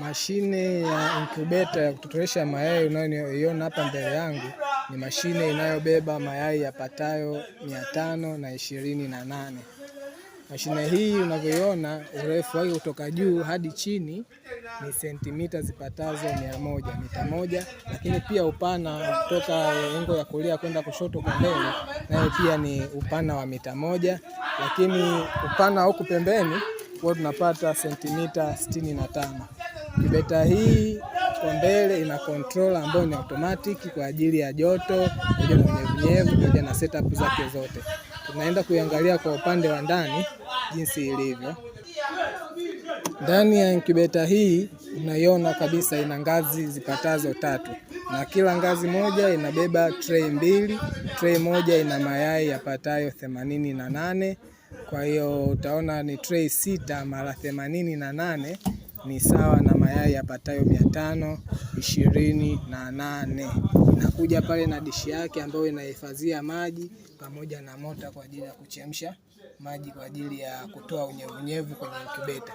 Mashine ya incubator ya kutotolesha mayai unayoiona hapa mbele yangu ni mashine inayobeba mayai yapatayo mia tano na ishirini na nane. Mashine hii unavyoiona, urefu wake kutoka juu hadi chini ni sentimita zipatazo mia moja, mita moja, lakini pia upana kutoka engo ya kulia kwenda kushoto kwa mbele nayo pia ni upana wa mita moja, lakini upana huku pembeni huwa tunapata sentimita sitini na tano. Kibeta hii kwa mbele ina control ambayo ni automatic kwa ajili ya joto ile na pamoja na setup zake zote. Tunaenda kuiangalia kwa upande wa ndani jinsi ilivyo. Ndani ya inkubeta hii unaiona kabisa ina ngazi zipatazo tatu, na kila ngazi moja inabeba tray mbili. Tray moja ina mayai yapatayo themanini na nane. Kwa hiyo utaona ni tray sita mara themanini na nane ni sawa na mayai yapatayo mia tano ishirini na nane. Inakuja pale na dishi yake ambayo inahifadhia maji pamoja na mota kwa ajili ya kuchemsha maji kwa ajili ya kutoa unyevunyevu kwenye kibeta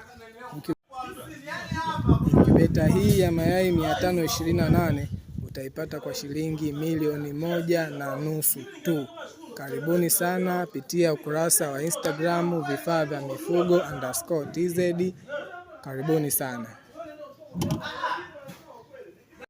kibeta hii ya mayai mia tano ishirini na nane utaipata kwa shilingi milioni moja na nusu tu. Karibuni sana, pitia ukurasa wa Instagram vifaa vya mifugo underscore tz Karibuni sana.